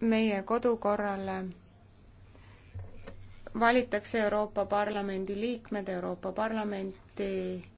meie kodukorrale valitakse Euroopa Parlamendi liikmed Euroopa Parlamenti